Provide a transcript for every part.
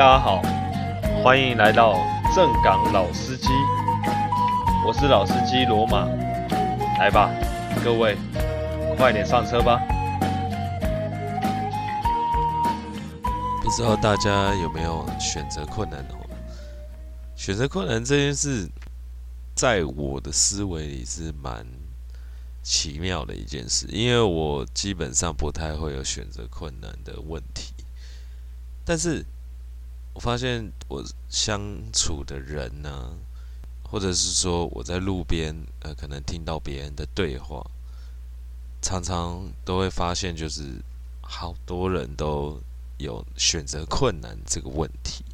大家好，歡迎來到正港老司機，我是老司機羅馬，來吧，各位，快點上車吧。不知道大家有沒有選擇困難的？選擇困難這件事，在我的思維裡是蠻奇妙的一件事，因為我基本上不太會有選擇困難的問題，但是。我發現我相處的人呢、啊，或者是說我在路邊呃，可能聽到別人的對話，常常都會發現，就是好多人都有選擇困難這個問題。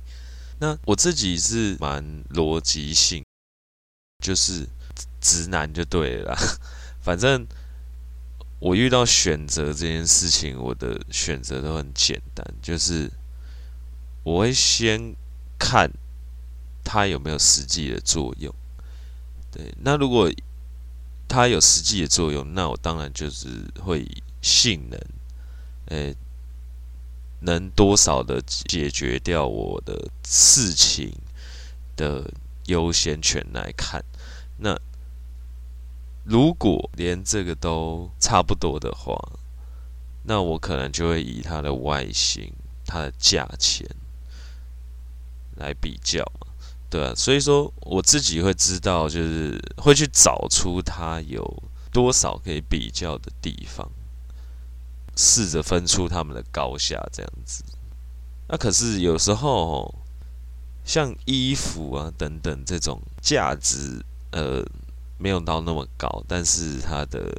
那我自己是蠻邏輯性，就是直男就對了啦。反正我遇到選擇這件事情，我的選擇都很簡單，就是。我會先看它有沒有實際的作用，對。那如果它有實際的作用，那我當然就是會以性能、欸，能多少的解決掉我的事情的優先權來看。那如果連這個都差不多的話，那我可能就會以它的外形、它的價錢。來比較嘛，對啊，所以說我自己會知道，就是會去找出它有多少可以比較的地方，試着分出他們的高下這樣子。那、啊，可是有時候，像衣服啊等等這種價值，呃，沒有到那麼高，但是它的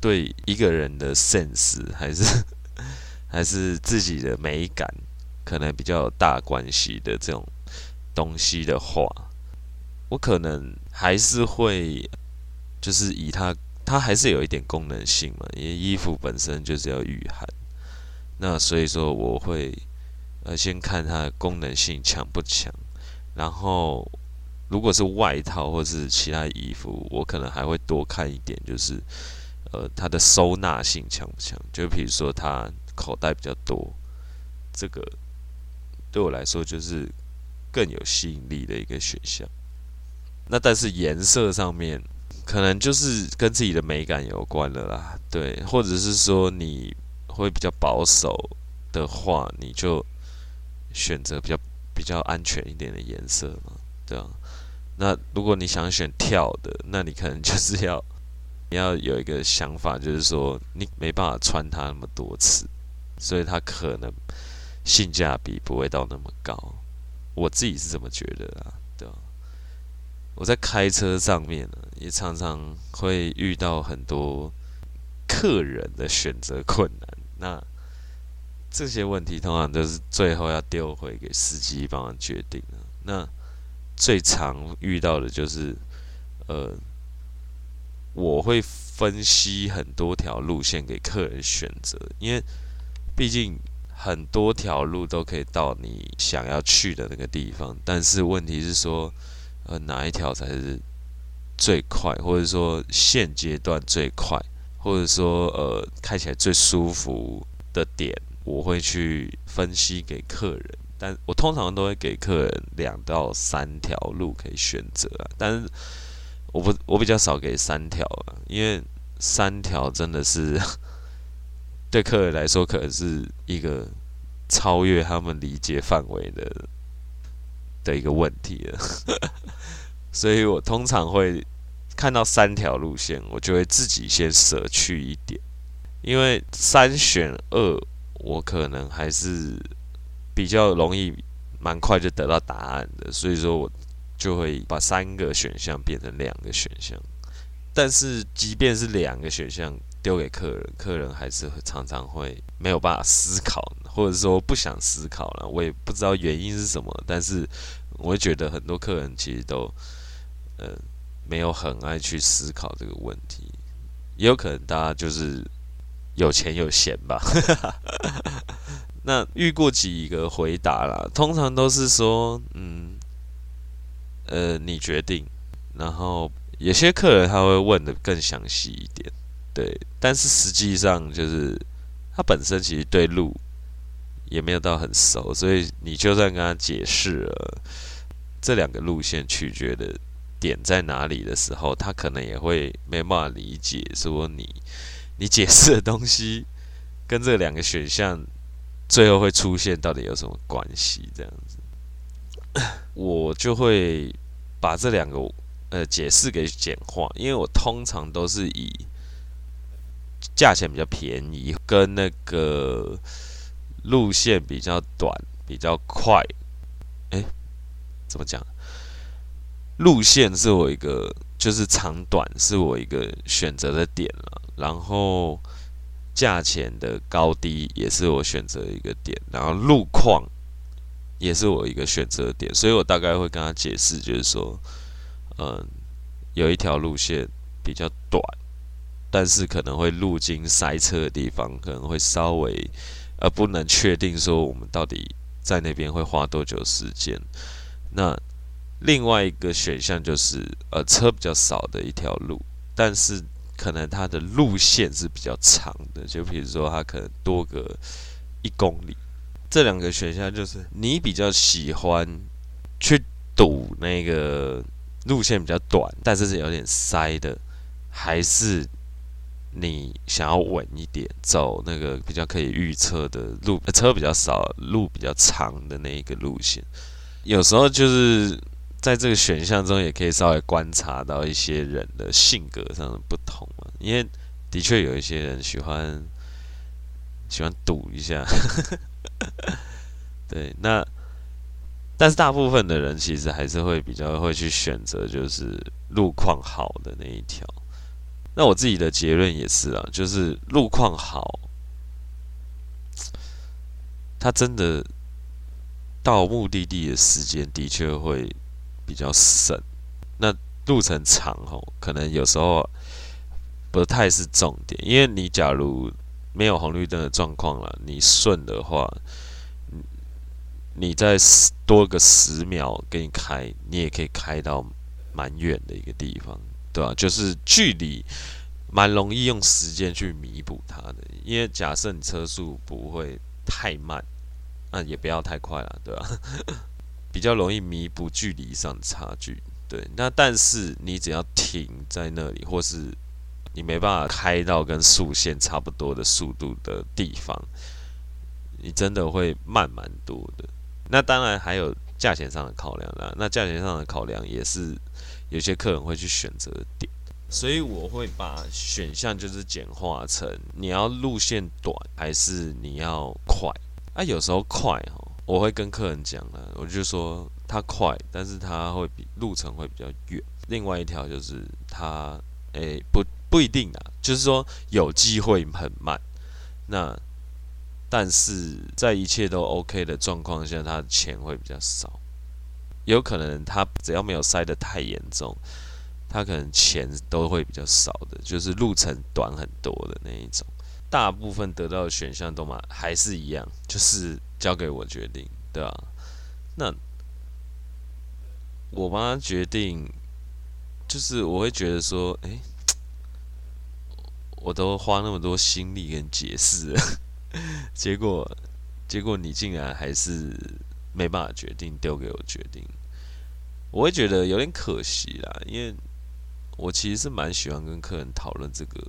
對一個人的 sense 還是還是自己的美感。可能比較大關係的這種東西的話，我可能還是會，就是以它，它還是有一點功能性嘛，因為衣服本身就是要御寒，那所以說我會，呃，先看它的功能性強不強，然後如果是外套或者是其他衣服，我可能還會多看一點，就是，呃，它的收納性強不強，就比如說它口袋比較多，這個。對我來說，就是更有吸引力的一個選項。那但是顏色上面，可能就是跟自己的美感有關了啦。對，或者是說你會比較保守的話，你就選擇比較比較安全一點的顏色嘛？對啊。那如果你想選跳的，那你可能就是要你要有一個想法，就是說你沒辦法穿它那麼多次，所以它可能。性價比不會到那麼高，我自己是這麼覺得啊。對，我在開車上面呢，也常常會遇到很多客人的選擇困難。那這些問題通常都是最後要丟回給司機幫忙決定的。那最常遇到的就是，呃，我會分析很多條路線給客人選擇，因為畢竟。很多條路都可以到你想要去的那個地方，但是問題是說，呃，哪一條才是最快，或者說現階段最快，或者說呃開起來最舒服的點，我會去分析給客人。但我通常都會給客人兩到三條路可以選擇啊，但是我不，我比較少給三條啊，因為三條真的是。對客人來說，可能是一個超越他們理解範圍的的一個問題了。 所以我通常會看到三條路線，我就會自己先捨去一點，因為三選二，我可能還是比較容易、蠻快就得到答案的。所以說我就會把三個選項變成兩個選項，但是即便是兩個選項。丟給客人，客人還是常常會沒有辦法思考，或者說不想思考了。我也不知道原因是什麼，但是我會覺得很多客人其實都、呃、沒有很愛去思考這個問題，也有可能大家就是有錢有閒吧。 那遇過幾個回答啦，通常都是說嗯呃你決定，然後有些客人他會問得更詳細一點。對，但是實際上就是他本身其實對路也沒有到很熟，所以你就算跟他解釋了這兩個路線取決的點在哪裡的時候，他可能也會沒辦法理解說你你解釋的東西跟這兩個選項最後會出現到底有什麼關係這樣子。 我就會把這兩個呃解釋給簡化，因為我通常都是以價錢比較便宜，跟那個路線比較短，比較快。哎、欸，怎麼講？路線是我一個就是長短是我一個選擇的點了，然後價錢的高低也是我選擇的一個點，然後路況也是我一個選擇點，所以我大概會跟他解釋，就是說，嗯、呃，有一條路線比較短。但是可能會路經塞車的地方，可能會稍微呃不能確定說我們到底在那邊會花多久時間。那另外一個選項就是呃車比較少的一條路，但是可能它的路線是比較長的，就比如說它可能多個一公里。這兩個選項就是你比較喜歡去堵那個路線比較短，但是是有點塞的，還是？你想要穩一點，走那個比較可以預測的路，車比較少，路比較長的那一個路線。有時候就是在這個選項中，也可以稍微觀察到一些人的性格上的不同嘛。因為的確有一些人喜歡喜歡賭一下， 對。那但是大部分的人其實還是會比較會去選擇，就是路況好的那一條。那我自己的結論也是啊，就是路況好，他真的到目的地的時間的確會比較省。那路程長吼，可能有時候不太是重點，因為你假如沒有紅綠燈的狀況了，你順的話，你再多個十秒給你開，你也可以開到蠻遠的一個地方。對啊，就是距離，蠻容易用時間去彌補它的。因為假設你車速不會太慢，那也不要太快了，對吧，啊？ 比較容易彌補距離上的差距。對，那但是你只要停在那裡，或是你沒辦法開到跟速限差不多的速度的地方，你真的會慢蠻多的。那當然還有價錢上的考量啦，那價錢上的考量也是。有些客人會去選擇的點，所以我會把選項就是簡化成你要路線短還是你要快。啊，有時候快哦，我會跟客人講了，我就說他快，但是他會比路程會比較遠。另外一條就是他，誒，不不一定啊，就是說有機會很慢。那但是在一切都 OK 的狀況下，他的錢會比較少。有可能他只要沒有塞得太嚴重，他可能錢都會比較少的，就是路程短很多的那一種。大部分得到的選項都嘛還是一樣，就是交給我決定，對啊。那我幫他決定，就是我會覺得說，誒，我都花那麼多心力跟解釋，結果結果你竟然還是。沒辦法決定，丟給我決定，我會覺得有點可惜啦，因為我其實是蠻喜歡跟客人討論這個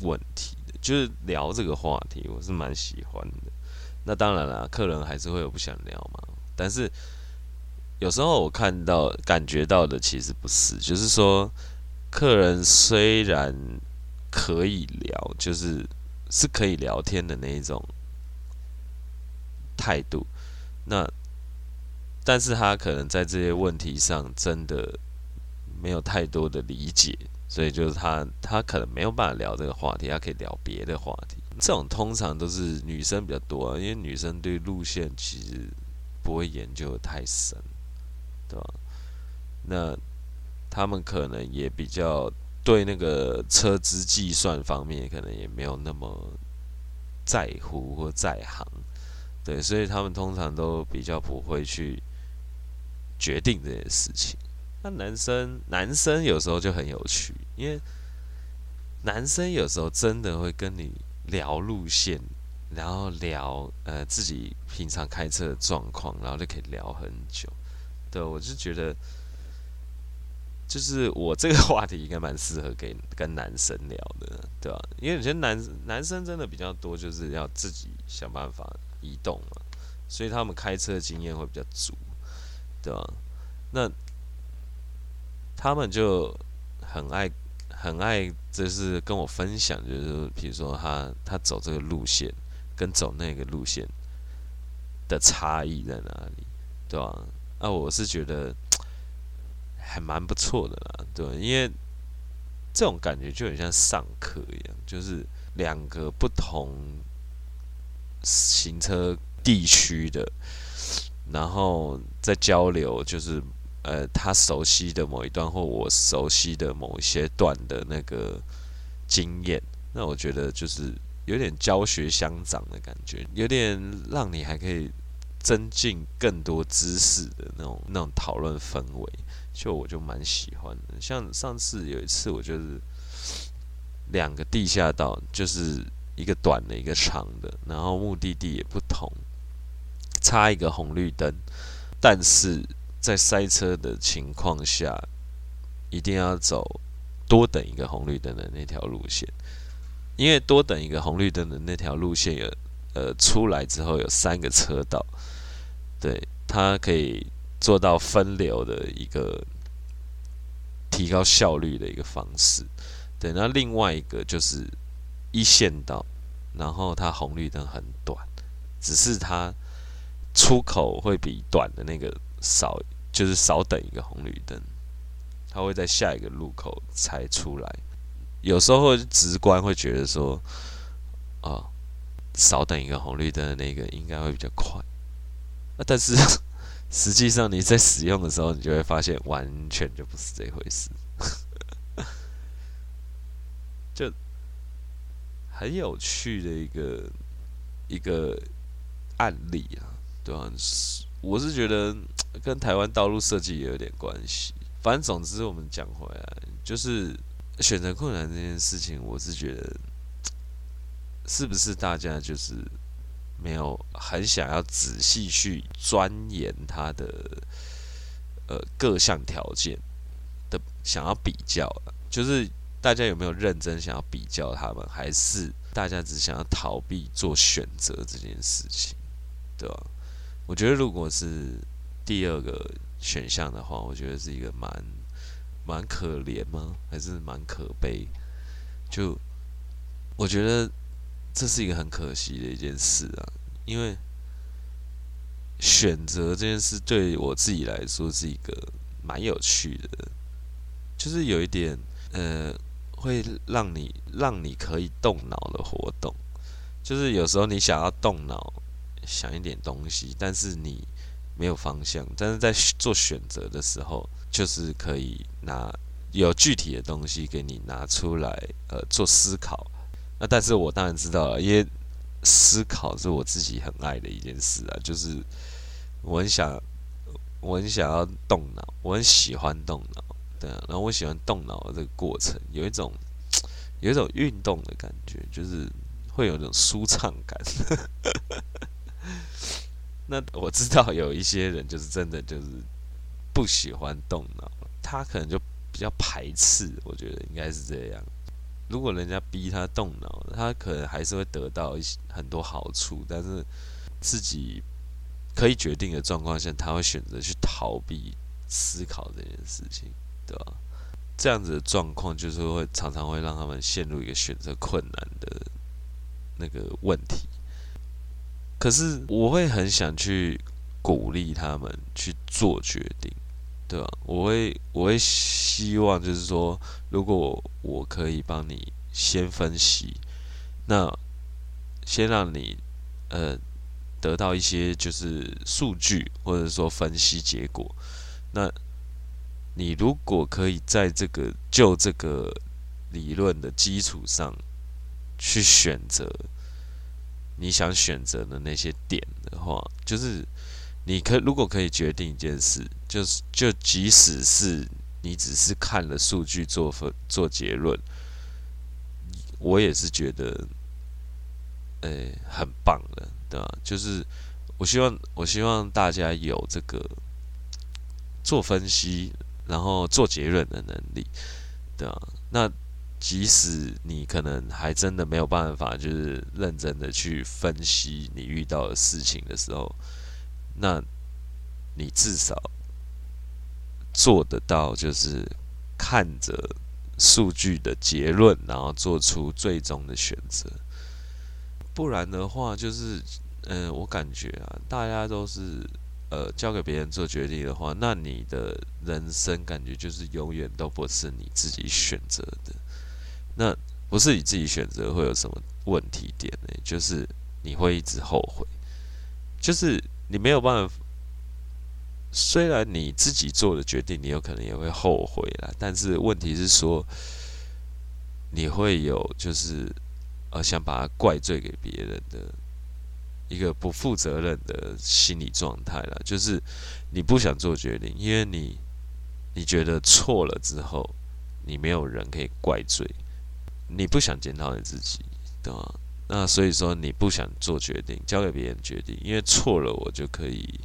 問題的，就是聊這個話題，我是蠻喜歡的。那當然啦，客人還是會有不想聊嘛。但是有時候我看到、感覺到的，其實不是，就是說客人雖然可以聊，就是是可以聊天的那一種態度，那。但是他可能在這些問題上真的沒有太多的理解，所以就是他他可能沒有辦法聊這個話題，他可以聊別的話題。這種通常都是女生比較多啊，因為女生對路線其實不會研究得太深，對吧？那他們可能也比較對那個車資計算方面，可能也沒有那麼在乎或在行，對，所以他們通常都比較不會去。決定這件事情，那男生男生，有時候就很有趣，因為男生有時候真的會跟你聊路線，然後聊呃自己平常開車的狀況，然後就可以聊很久。對，我就覺得，就是我這個話題應該蠻適合給跟男生聊的，對吧、啊？因為有些男男生真的比較多，就是要自己想辦法移動嘛，所以他們開車的經驗會比較足。對吧、啊？那他們就很愛、很愛，就是跟我分享，就是比如說他他走這個路線跟走那個路線的差異在哪裡，對吧、啊？啊、那我是覺得還蠻不錯的啦，對、啊、因為這種感覺就很像上課一樣，就是兩個不同行車地區的。然後在交流，就是呃，他熟悉的某一段，或我熟悉的某一些段的那個經驗，那我覺得就是有點教學相長的感覺，有點讓你還可以增進更多知識的那種那種討論氛圍，就我就蠻喜歡的。像上次有一次，我就是兩個地下道，就是一個短的，一個長的，然後目的地也不同。差一個紅綠燈，但是在塞車的情況下，一定要走多等一個紅綠燈的那條路線，因為多等一個紅綠燈的那條路線有呃，出來之後有三個車道，對，它可以做到分流的一個提高效率的一個方式。對，那另外一個就是一線道，然後它紅綠燈很短，只是它。出口會比短的那個少，就是少等一個紅綠燈，它會在下一個路口才出來。有時候會直觀會覺得說，哦，少等一個紅綠燈的那個應該會比較快，啊，但是實際上你在使用的時候，你就會發現完全就不是這回事， 就很有趣的一個一個案例啊。對啊，我是覺得跟台灣道路設計也有點關係。反正總之，我們講回來，就是選擇困難這件事情，我是覺得是不是大家就是沒有很想要仔細去鑽研它的呃各項條件的，想要比較，就是大家有沒有認真想要比較他們，還是大家只想要逃避做選擇這件事情？對吧、啊？我覺得，如果是第二個選項的話，我覺得是一個蠻蠻可憐嗎？還是蠻可悲？就我覺得這是一個很可惜的一件事啊，因為選擇這件事對我自己來說是一個蠻有趣的，就是有一點呃，會讓你讓你可以動腦的活動，就是有時候你想要動腦。想一點東西，但是你沒有方向，但是在做選擇的時候，就是可以拿有具體的東西給你拿出來，呃，做思考。那、啊、但是我當然知道了，因為思考是我自己很愛的一件事啊，就是我很想，我很想要動腦，我很喜歡動腦，對啊，然後我喜歡動腦的這個過程，有一種有一種運動的感覺，就是會有一種舒暢感。呵呵那我知道有一些人就是真的就是不喜歡動腦，他可能就比較排斥。我覺得應該是這樣。如果人家逼他動腦，他可能還是會得到一些很多好處。但是自己可以決定的狀況下，他會選擇去逃避思考這件事情，對吧？這樣子的狀況就是會常常會讓他們陷入一個選擇困難的那個問題。可是我會很想去鼓勵他們去做決定，對吧？我會我會希望就是說，如果我可以幫你先分析，那先讓你呃得到一些就是數據或者說分析結果，那你如果可以在這個就這個理論的基礎上去選擇。你想選擇的那些點的話，就是你可如果可以決定一件事，就是就即使是你只是看了數據做分做結論，我也是覺得，誒、欸，很棒的，對啊，就是我希望我希望大家有這個做分析然後做結論的能力，對啊，那。即使你可能還真的沒有辦法，就是認真的去分析你遇到的事情的時候，那你至少做得到，就是看着數據的結論，然後做出最終的選擇。不然的話，就是嗯、呃，我感覺啊，大家都是呃交給別人做決定的話，那你的人生感覺就是永遠都不是你自己選擇的。那不是你自己選擇會有什麼問題點呢、欸？就是你會一直後悔，就是你沒有辦法。雖然你自己做的決定，你有可能也會後悔啦，但是問題是說，你會有就是呃想把它怪罪給別人的，一個不負責任的心理狀態了。就是你不想做決定，因為你你覺得錯了之後，你沒有人可以怪罪。你不想檢討你自己，對吧？那所以說你不想做決定，交給別人決定，因為錯了我就可以，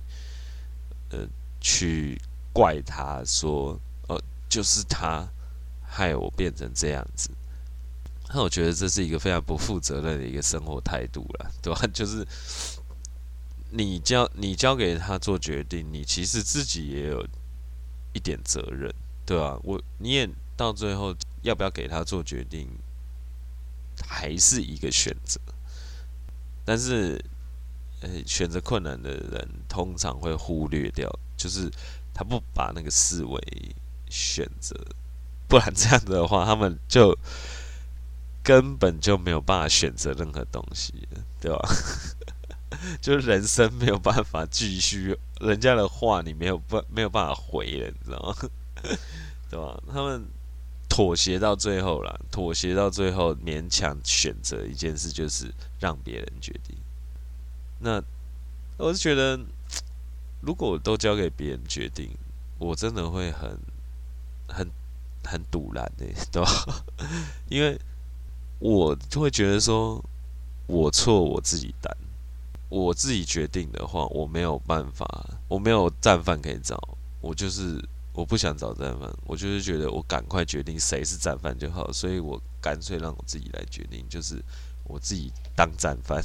呃，去怪他，說，呃、哦，就是他害我變成這樣子。那我覺得這是一個非常不負責任的一個生活態度了，對吧？就是你交你交給他做決定，你其實自己也有一點責任，對吧？我你也到最後要不要給他做決定？還是一個選擇，但是，欸、選擇困難的人通常會忽略掉，就是他不把那個視為選擇，不然這樣子的話，他們就根本就沒有辦法選擇任何東西，對吧、啊？ 就是人生沒有辦法繼續，人家的話你沒有辦沒有辦法回了，你知道嗎？ 對吧、啊？他們。妥協到最後啦，妥協到最後，勉強選擇一件事，就是讓別人決定。那我是覺得，如果我都交給別人決定，我真的會很、很、很賭爛欸，對吧？因為我會覺得說，我錯我自己擔，我自己決定的話，我沒有辦法，我沒有戰犯可以找，我就是。我不想找戰犯，我就是覺得我趕快決定誰是戰犯就好，所以我乾脆讓我自己來決定，就是我自己當戰犯，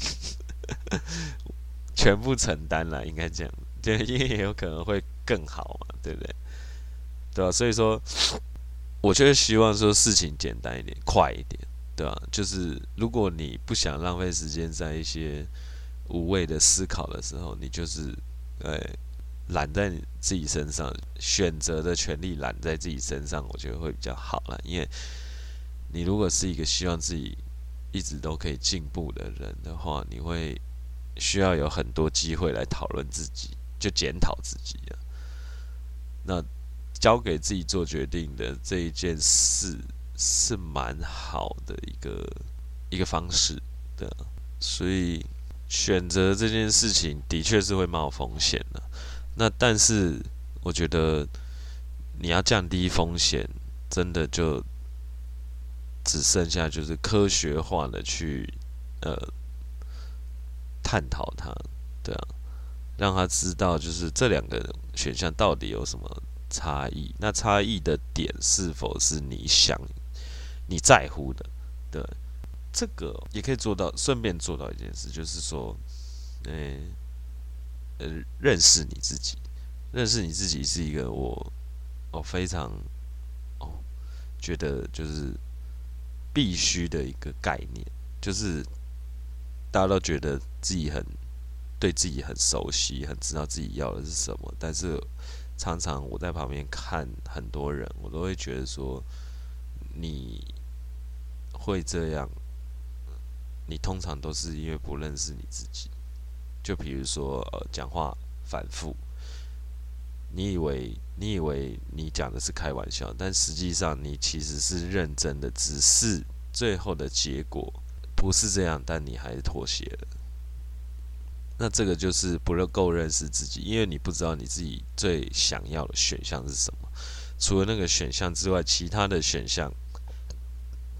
呵呵全部承擔了，應該這樣，對，因為也有可能會更好嘛，對不對？對吧？所以說，我就是希望說事情簡單一點，快一點，對吧？就是如果你不想浪費時間在一些無謂的思考的時候，你就是，欸攬在你自己身上，選擇的權利攬在自己身上，我覺得會比較好了。因為你如果是一個希望自己一直都可以進步的人的話，你會需要有很多機會來討論自己，就檢討自己，啊。的那交給自己做決定的這一件事是蠻好的一個一個方式的，所以選擇這件事情的確是會冒風險的。那但是，我覺得你要降低風險，真的就只剩下就是科學化的去呃探討它，對啊，讓他知道就是這兩個選項到底有什麼差異，那差異的點是否是你想你在乎的，對，這個也可以做到，順便做到一件事，就是說，嗯、欸。認識你自己，認識你自己是一個我，我非常，哦，覺得就是必須的一個概念。就是大家都覺得自己很，對自己很熟悉，很知道自己要的是什麼。但是常常我在旁邊看很多人，我都會覺得說，你會這樣，你通常都是因為不認識你自己。就比如說，呃，講話反覆你以為你以為你講的是開玩笑，但實際上你其實是認真的知識，只是最後的結果不是這樣，但你還是妥協了。那這個就是不夠認識自己，因為你不知道你自己最想要的選項是什麼。除了那個選項之外，其他的選項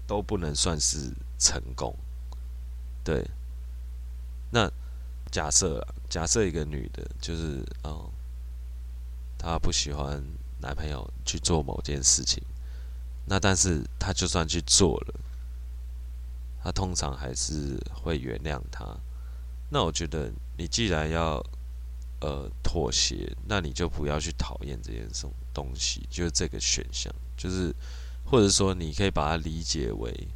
都不能算是成功。對，那。假設、啊、假設一個女的，就是哦、嗯，她不喜歡男朋友去做某件事情，那但是她就算去做了，她通常還是會原諒他。那我覺得，你既然要呃妥協，那你就不要去討厭這件東東西。就是、這個選項，就是或者說你可以把它理解為。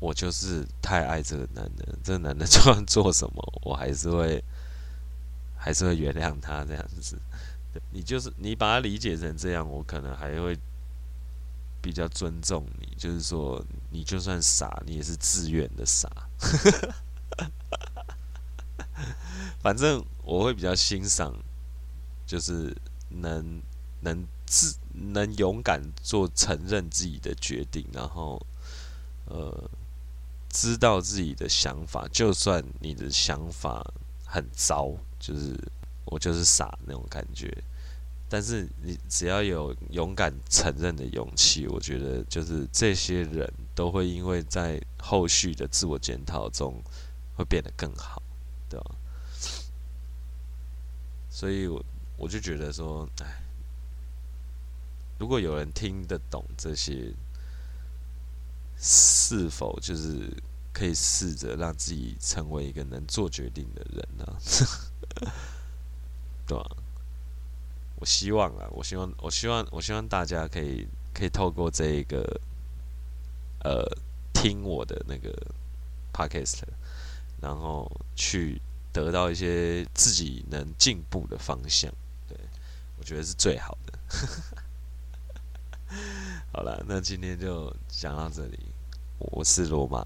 我就是太愛這個男的，這個男的就算做什麼，我還是會，還是會原諒他這樣子。對，你就是你把他理解成這樣，我可能還會比較尊重你。就是說，你就算傻，你也是自願的傻。 反正我會比較欣賞，就是能能自能勇敢做承認自己的決定，然後，呃。知道自己的想法，就算你的想法很糟，就是我就是傻那種感覺，但是你只要有勇敢承認的勇氣，我覺得就是這些人都會因為在後續的自我檢討中會變得更好，對吧？所以我我就覺得說，哎，如果有人聽得懂這些。是否就是可以試着讓自己成為一個能做決定的人呢？啊？ 對吧、啊？我希望啊，我希望，我希望，我希望大家可以可以透過這一個呃，聽我的那個 podcast，然後去得到一些自己能進步的方向。對，我覺得是最好的。 好了，那今天就講到這裡。我是羅馬，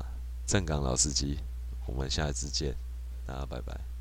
正港老司機，我們下一次見，大家拜拜。